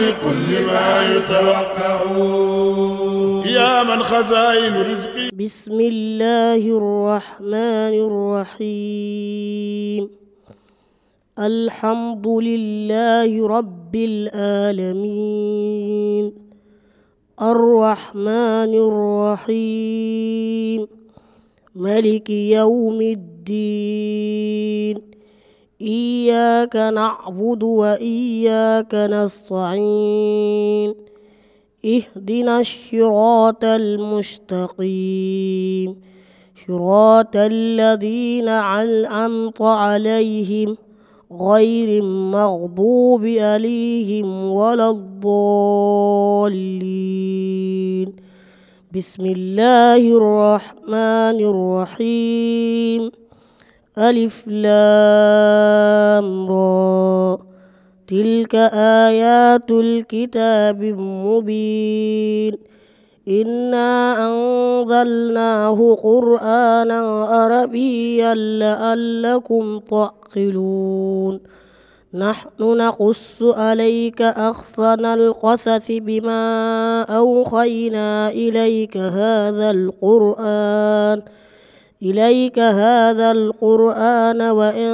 بكل ما يتوقع يا من خزائن رزقي بسم الله الرحمن الرحيم الحمد لله رب العالمين الرحمن الرحيم ملك يوم الدين إياك نعبد وإياك نستعين اهدنا الشراط المستقيم شراط الذين أنعمت عليهم غير المغضوب عليهم ولا الضالين بسم الله الرحمن الرحيم ألف لام را تلك آيات الكتاب المبين إنا أنزلناه قرآنا عربيا لعلكم تعقلون نحن نقص عليك أحسن القصص بما أوخينا إليك هذا القرآن ۖ إليك هذا القرآن وإن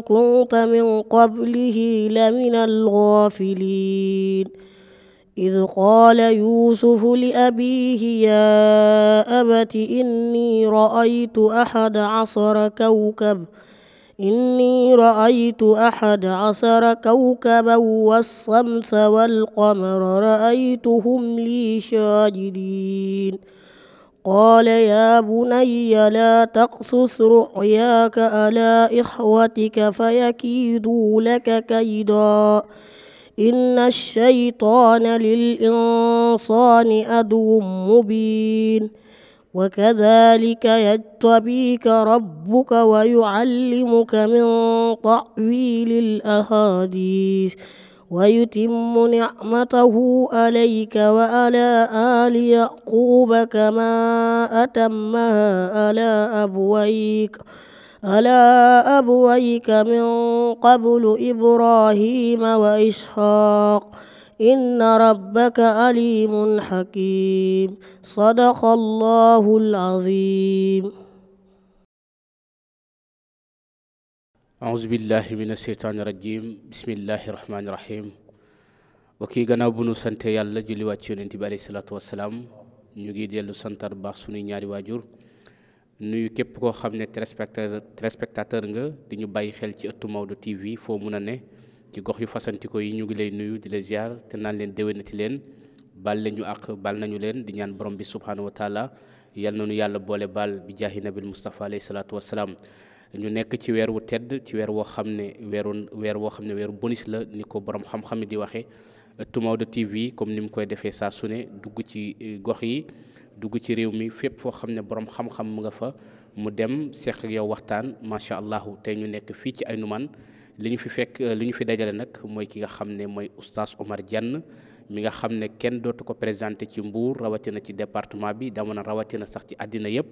كنت من قبله لمن الغافلين إذ قال يوسف لأبيه يا أبت إني رأيت أحد عصر كوكب إني رأيت أحد عصر كوكبا والصمت والقمر رأيتهم لي شاجدين قال يا بني لا تقصص رؤياك على إخوتك فيكيدوا لك كيدا إن الشيطان للإنصان أدو مبين وكذلك يجتبيك ربك ويعلمك من تعويل الأحاديث ويتم نعمته عليك وعلى آل يعقوب كما أتمها على أبويك على أبويك من قبل إبراهيم وإسحاق إن ربك عليم حكيم صدق الله العظيم auzu billahi mina seytaani rajim bismillahi rahmaani rahim mbokk yi gannaaw bu nu sante yàlla julliwaat ci yonent bi alayhi salaatu wasalaam ñu ngi dellu santar baax sunuy ñaari waajur nuyu képp koo xam ne téléspectateur nga di ñu bàyyi xel ci ëttu Maodo TV foo mun a ne ci gox yu fasantikoo yi ñu ngi lay nuyu di la ziar te naan leen déwénati leen baal leen ñu àq baal nañu leen di ñaan borom bi subhaanahu wa taala yal na nu yàlla boole baal bi jaahi nabil Mustafa alayhi salaatu wasalaam ñu nekk ci weer wu tedd ci weer woo xam ne weeru weer woo xam ne weeru bonus la ni ko borom xam-xam di waxee Ëttu Maodo TV comme ni mu koy defee saa su ne dugg ci gox yi dugg ci réew mi fépp foo xam ne borom xam-xam mu nga fa mu dem seq ak yow waxtaan macha allah tey ñu nekk fii ci Aynoumane li ñu fi fekk li ñu fi dajale nag mooy ki nga xam ne mooy oustaz Omar Diagne mi nga xamne kenn dotu ko présenter ci rawati rawatina ci département bi rawati na rawatina sax ci adina yëpp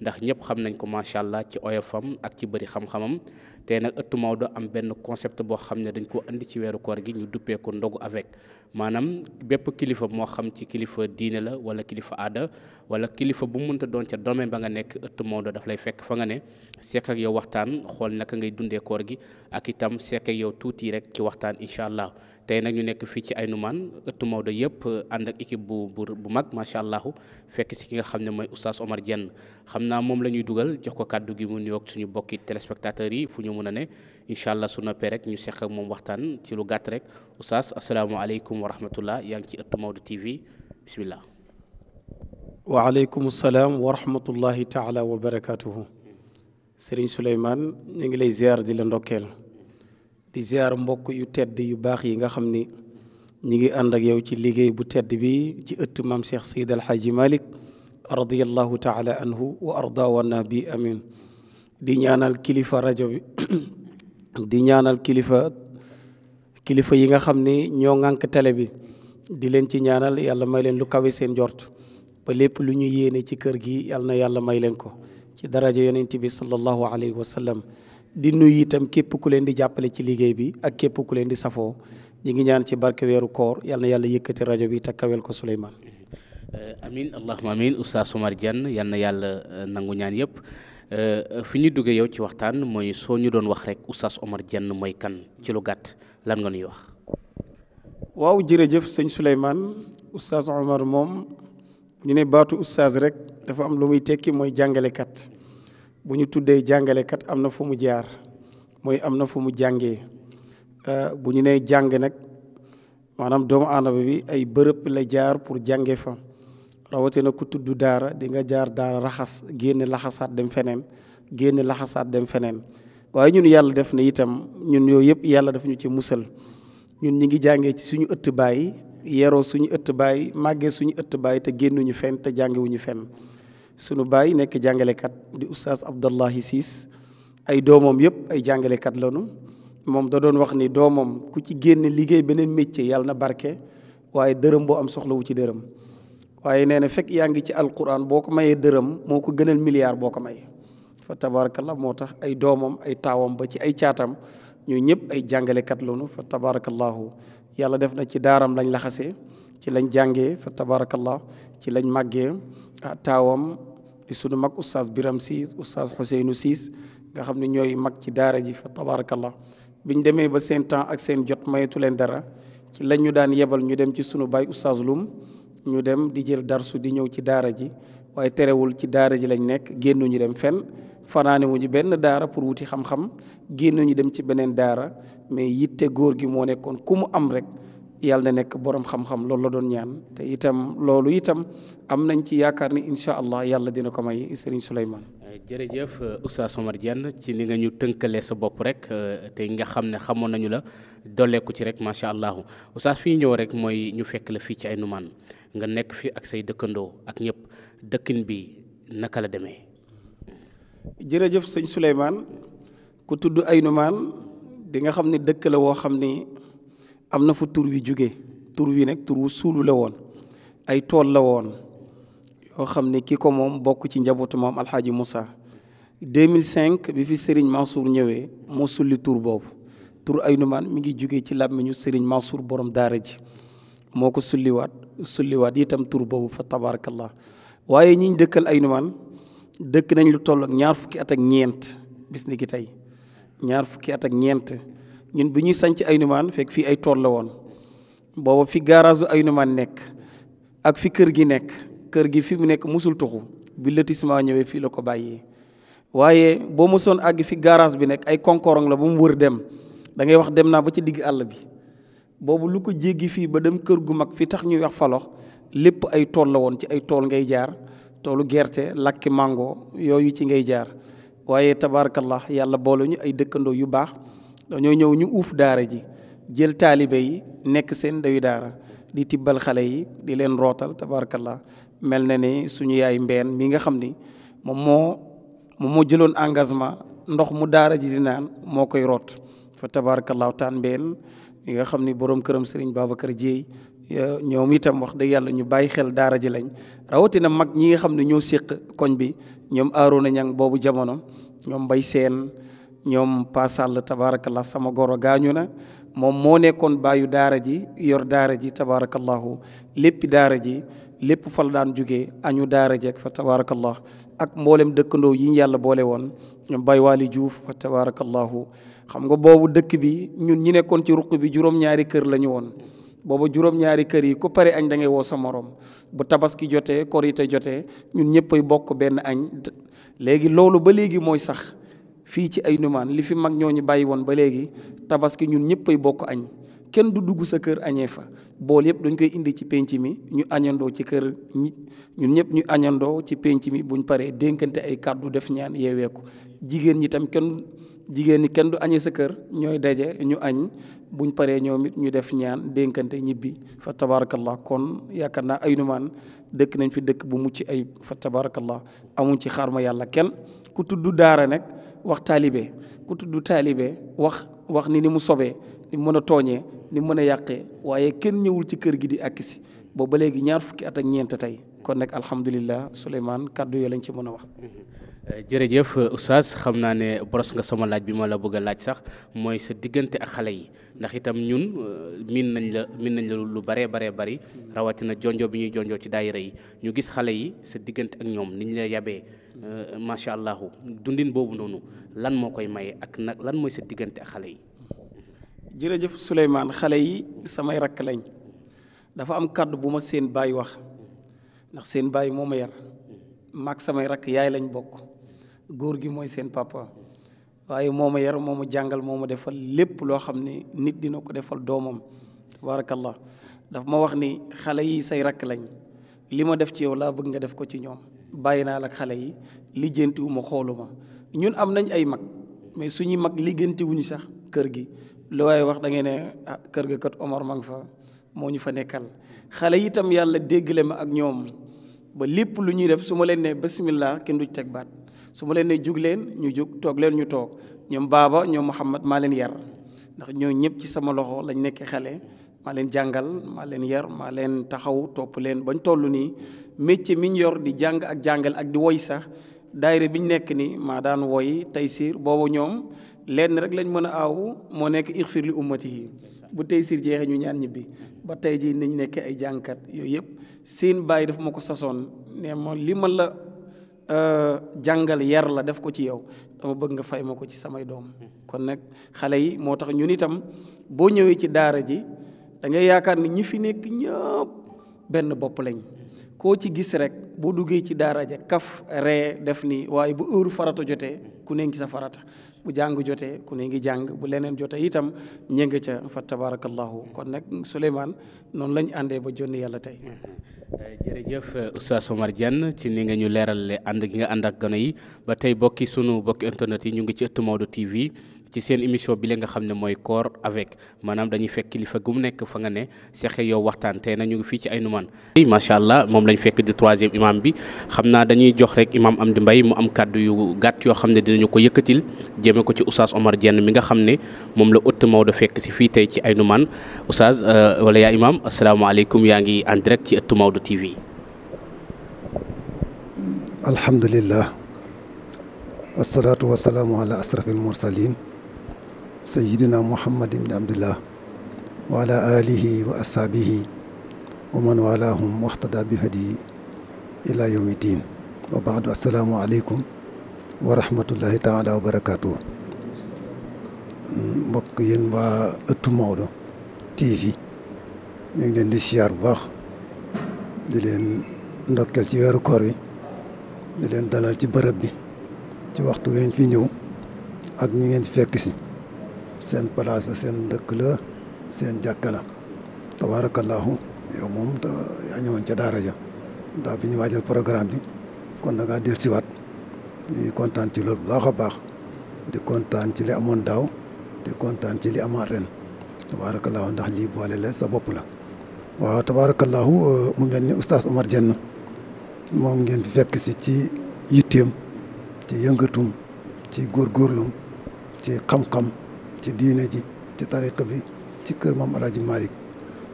ndax ñëpp xam nañ ko machallah allah ci oyofam ak ci bëri xam-xamam te nak ëttu mawdo am benn concept bo xamne dañ ko andi ci wéru koor gi ñu duppé ko ndogu avec manam bép kilifa mo xam ci kilifa diiné la wala kilifa aada wala kilifa bu mënta doon ci domaine ba nga nek ëttu mawdo daf lay fekk fa nga né sék ak yow waxtaan xol naka ngay dundé koor gi ak itam sék ak yow rek ci waxtaan inshallah tey nag ñu nekk fii ci Aynoumane ëttu Maodo yëpp ànd ak équipe bu bu bu mag macha allah fekk si ki nga xam ne mooy oustaz Omar Dieng xam naa moom la ñuy dugal jox ko kàddu gi mu nuyoog suñu bokki téléspectateurs yi fu ñu mën a ne incha allah su noppee rek ñu seq ak moom waxtaan ci lu gàtt rek oustaz asalaamaaleykum wa rahmatullah yaa ngi ci ëttu Maodo TV bismillah. waaleykum salaam wa rahmatullahi taala wa barakaatuhu. Serigne Souleymane ñu ngi lay ziar di la ndokkeel. di ziar mbokk yu tedd yu baax yi nga xam ni ñi ngi ànd ak yow ci liggéey bu tedd bi ci ëtt mam Cheikh Seydi al haji malik radiyallahu taala anhu wa arda wa bi amin di ñaanal kilifa rajo bi di ñaanal kilifa kilifa yi nga xam ni ñoo ŋànk télé bi di leen ci ñaanal yàlla may leen lu kawe seen jort ba lépp lu ñu yéene ci kër gi yàlla na yàlla may leen ko ci daraja yonent bi sallallahu alayhi wa sallam di nuyu itam képp ku leen di jàppale ci liggéey bi ak képp ku leen di safoo ñi ngi ñaan ci barke weeru koor yal yàlla yëkkati rajo bi te kawel ko Souleymane. Eh, amin allahuma amin oustaz Oumar Diagne yal na yàlla eh, nangu ñaan yëpp eh, fi ñu duggee yow ci waxtaan mooy soo ñu doon wax rek oustaz Oumar Diagne mooy kan ci lu gàtt lan nga nuy wax. waaw jërëjëf sëñ Souleymane oustaz Oumar moom ñu ne baatu oustaz rek dafa am lu muy tekki mooy jàngale kat bu ñu tuddee kat am na fu mu jaar mooy am na fu mu jàngee euh, bu ñu nee jàng nag maanaam doomu aadama bi ay bërëb la jaar pour jànge fa na ku tudd daara dinga jaar daara raxas génn laxasaat dem feneen génn laxasaat dem feneen waaye ñun yàlla def na itam ñun yooyu yëpp yàlla daf ñu ci musal ñun ñi ngi jàngee ci suñu ëtt baay yeroo suñu ëtt baay màggee suñu ëtt baay te génnuñu fen te jàngewuñu fenn sunu baay nekk jàngalekat di oustaz Abdallahi Siis ay doomam yëpp ay jàngalekat lanu moom da doon wax ni doomam ku ci génn liggéey beneen métier yàlla na barke waaye dërëm boo am soxlawu ci dërëm waaye nee na fekk yaa ngi ci alquran boo ko mayee dërëm moo ko gënal milliard boo ko mayee fa tabarakallah moo tax ay doomam ay taawam ba ci ay caatam ñu ñëpp ay jàngalekat lanu fa tabarakallahu yàlla def na ci daaram lañ laxasee ci lañ jàngee fa tabarakallah ci lañ màggee ah, di sunu mag oustaz Biram Siis oustaz Ousseynou Siis nga xam ne ñooy mag ci daara ji fa tabarakallah ñu demee ba seen temps ak seen jot mayetu leen dara ci lañ ñu daan yebal ñu dem ci sunu baay oustaz Lum ñu dem di jël darsu di ñëw ci daara ji waaye terewul ci daara ji lañ nekk génnuñu dem fenn fanaanewuñu benn daara pour wuti xam-xam génnuñu dem ci beneen daara mais yitte góor gi moo nekkoon ku mu am rek yàlla na nekk boroom xam-xam loolu la doon ñaan te itam loolu itam am nañ ci yaakaar ni incha allah yàlla dina ko may Serigne Souleymane. Euh, jërëjëf euh, Oustaz Oumar Diène ci ni nga ñu tënkalee sa bopp rek euh, te nga xam ne xamoon nañu la dolleeku ci rek macha allah Oustaz fi ñëw rek mooy ñu fekk la fii ci ay numaan nga nekk fi ak say dëkkandoo ak ñëpp dëkkin bi naka la demee. jërëjëf sëñ Souleymane ku tudd ay numaan di nga xam ne dëkk la woo xam ni am na fu tur wi jóge tur wi nag tur wu suulu la woon ay tool la woon yoo xam ne ki ko moom bokk ci njabootu maam alxaaji Moussa 2005 bi fi Serigne Mansour ñëwee moo sulli tur boobu tur ay numaan mi ngi jóge ci làmmiñu Serigne Mansour borom daara ji moo ko sulliwaat sulliwaat itam tur boobu fa tabaarakallah waaye ñi ñu dëkkal ay numaan dëkk nañ lu toll ak ñaar fukki at ak ñeent bis ni ki tey ñaar fukki at ak ñeent ñun bi ñuy sanc Aynoumane fekk fii ay tool la woon booba fi garage Aynoumane nekk ak fi kër gi nekk kër gi fi mu nekk musul tuxu bi lotissement ñëwee fii la ko bàyyee waaye boo mësoon àgg fi garage bi nekk ay konkorong la ba mu wër dem da ngay wax dem naa ba ci digg àll bi boobu lu ko jéggi fii ba dem kër gu mag fi tax ñuy wax falox lépp ay tool la woon ci ay tool ngay jaar toolu gerte lakki màngoo yooyu ci ngay jaar waaye tabaarakallah yàlla boole ñu ay dëkkandoo yu baax dañoo ñëw ñu uuf daara ji jël taalibe yi nekk seen dayu daara di tibbal xale yi di leen rootal tabarakallah mel na ni suñu yaay mbeen mii nga xam ni moom moo moom moo jëloon engagement ndox mu daara ji di naan moo koy root fa tabarakallahu taan mbeen mi nga xam ni borom këram Serigne Babacar Dieye ñoom itam wax dëgg yàlla ñu bàyyi xel daara ji lañ rawatina mag ñi nga xam ne ñoo séq koñ bi ñoom Arouna Niang boobu jamono ñoom Mbaye Sène ñoom pasall tabarakallah sama goro gaañu na moom moo nekkoon bàyyu daara ji yor daara ji tabarakallahu lépp daara ji lépp fa daan jógee añu daara jeeg fa tabarakallah ak mboolem dëkkandoo yi ñu yàlla boole woon ñoom bay waali juuf fa tabarakallahu xam nga boobu dëkk bi ñun ñi nekkoon ci ruq bi juróom-ñaari kër la ñu woon booba juróom-ñaari kër yi ku pare añ da ngay woo sa morom bu tabaski jotee korite jote ñun ñëppay bokk benn añ léegi loolu ba léegi mooy sax fii ci ay numaan li fi mag ñoo ñu bàyyi woon ba léegi tabaski ñun ay bokk añ kenn du dugg sa kër añee fa bool yëpp dañ koy indi ci penc mi ñu añandoo ci kër ñi ñun ñëpp ñu añandoo ci penc mi buñ paree dénkante ay kàddu def ñaan yeeweeku jigéen ñi tam kenn jigéen ñi kenn du añee sa kër ñooy daje ñu añ buñ paree ñoom it ñu def ñaan dénkante ñibbi fa tabarakallah kon yaakaar naa ay numaan dëkk nañ fi dëkk bu mucc ay fa tabarakallah amuñ ci xaar yàlla kenn ku tudd daara nag wax taalibe ku tudd taalibe wax wax ni ni mu sobee ni mën a tooñee ni mën a yàqee waaye kenn ñëwul ci kër gi di àkkisi boobu ba léegi ñaar fukki at ñeent tey kon nag alhamdulilah Souleymane kàddu yoo lañ ci mën a wax mm-hmm. jërëjëf oustaz xam naa ne boros nga sama laaj bi ma la bëgg a laaj sax mooy sa diggante ak xale yi ndax itam ñun euh, miin nañ la miin nañ la lu baree baree bari rawatina jonjo bi ñuy jonjoo ci daayira yi ñu gis xale yi sa diggante ak ñoom niñ la yabee euh, macha allah dundin boobu noonu lan moo koy maye ak nag lan mooy sa diggante xale yi. jërëjëf Souleymane xale yi samay rakk lañ dafa am kàddu bu ma seen baay wax ndax seen baay moo ma yar maag samay rakk yaay lañ bokk. góor gi mooy seen papa waaye moo ma yar moo ma jàngal moo ma defal lépp loo xam ni nit dina ko defal doomam tabaarakallah daf ma wax ni xale yi say rakk lañ li ma def ci yow laa bëgg nga def ko ci ñoom bàyyi naa lag xale yi lijjantiwuma xooluma ñun am nañ ay mag mais suñuy mag lijjantiwuñu sax kër gi lu waaye wax da ne ah kër ga kat Omar ma fa moo ñu fa nekkal xale yi itam yàlla déggale ma ak ñoom ba lépp lu ñuy def su ma leen ne bismillah kenn du teg baat su ma leen ne jug leen ñu jug toog leen ñu toog ñoom baaba ñoom Muhammad maa leen yar ndax ñoo ñëpp ci sama loxo lañ nekk xale maa leen jàngal maa leen yar maa leen taxaw topp leen bañ toll nii métier mi yor di jàng ak jàngal ak di woy sax daayira bi ñu nekk ni maa daan woy taysiir boobu ñoom lenn rek lañ mën a aaw moo nekk ixfir li ummati yi bu taysiir jeexee ñu ñaan ñibbi ba tey jii nañ nekk ay jàngkat yooyu yëpp seen baay daf ma ko sasoon ne ma li la Euh, jàngal yar la def ko ci yow dama bëgg nga fay ma ko ci samay doom kon nag xale yi moo tax ñun itam boo ñëwee ci daara ji dangay yaakaar ni ñi fi nekk ñëpp benn bopp lañ koo ci gis rek boo duggee ci daara ja kaf ree def ni waaye bu ër farato jotee ku ne ngi sa farata bu jàng jotee ku ne ngi jàng bu leneen jotee itam ñëng ca fa tabarakallahu kon nag Souleymane noonu lañ àndee ba jonni yàlla tey jërëjëf Oustaz Oumar Diagne ci ni nga ñu leerale ànd gi nga ànd ak gone yi ba tey bokki sunu bokki internet yi ñu ngi ci ëttu Maodo TV ci seen émission bi la nga xam ne mooy corps avec maanaam dañuy fekk kilifa gu mu nekk fa nga ne seq yow waxtaan tey na ñu ngi fii ci Ainoumane. macha allah moom lañ fekk di troisième imam bi xam naa dañuy jox rek am Amdy mbay mu am kàddu yu gàtt yoo xam ne dinañu ko yëkkatil jéeme ko ci Oustaz Omar Dieng mi nga xam ne moom la ëtt Maodo fekk si fii tey ci Ainoumane Oustaz euh, wala yaa imam asalaamaaleykum yaa ngi en ci ëtt Maodo TV. alhamdulillah wasalaatu wasalaamu ala asrafil mursalin سيدنا محمد بن عبد الله وعلى آله وأصحابه ومن والاهم واهتدى بهدي إلى يوم الدين وبعد السلام عليكم wa rahmatullahi taala wa barakaatu mbokk yéen waa ëttu Maodo TV ñu ngi leen di siyaar bu baax di leen ndokkeel ci weeru koor wi di leen dalal ci bërëb bi ci waxtu ngeen fi ñëw ak ñi ngeen fekk si seen place seen dëkk la seen jàkka la yow moom te yaa ñëwoon ca daara ja ndax bi ñu waajal programme bi kon da ngaa dellusiwaat ñuy kontaan ci loolu baax a baax di kontaan ci li amoon daaw di kontaan ci li amaat ren tabaarakallaahu ndax lii boole la sa bopp la. waaw tabaarakallaahu euh, mu mel ni oustaz Omar moom ngeen fi fekk si ci yitteem ci yëngatum ci góorgóorlum ci xam-xam. ci diine ji ci tariqa bi ci kër maam El Hadj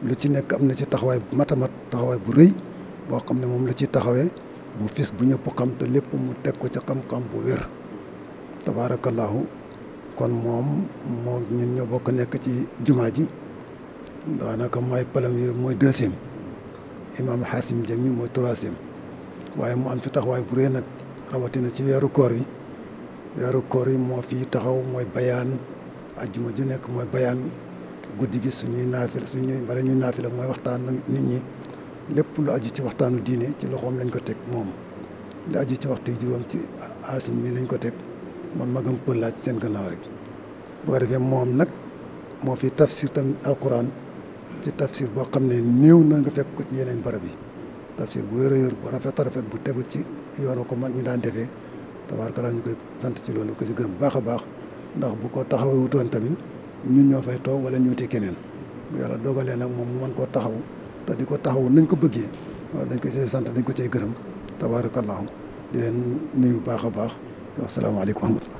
lu ci nekk am na ci taxawaay bu matamat taxawaay bu rëy boo xam ne moom la ci taxawee bu fis bu ñëpp xam te lépp mu teg ko ci xam-xam bu wér tabaarakallaahu kon moom moo ñun ñoo bokk nekk ci jumaa ji daanaka mooy premier mooy deuxième imaam Xaasim Jami mooy troisième waaye mu am fi taxawaay bu rëy nag rawatina ci weeru koor yi weeru koor yi moo fi taxaw mooy bayaan ajjuma ju nekk mooy bayaan guddi gi suñuy naafila suñuy bala ñuy naafila mooy waxtaanu nit ñi lépp lu aju ci waxtaanu diine ci loxoom lañ ko teg moom lu aju ci waxtu juróom ci asim mi lañ ko teg man magam pël laa ci seen gannaaw rek bu ko defee moom nag moo fi tafsir tamit alquran ci tafsir boo xam ne néew na nga fekk ko ci yeneen barab yi tafsir bu wér a wér bu rafet a rafet bu tegu ci yoonu ko man ñu daan defee laa ñu koy sant ci loolu ko ci gërëm bu baax a baax ndax bu ko taxawee wutoon tamit ñun ño fay tok wala ñuuti keneen bu yalla dogalé nak mom mu man ko taxaw ta diko taxaw nañ ko bëggee dañ ko cee sant dañ ko cee gëreum tabarakallah di len nuyu baaxa baax a baax asalaamaaleykum wa rahmatullah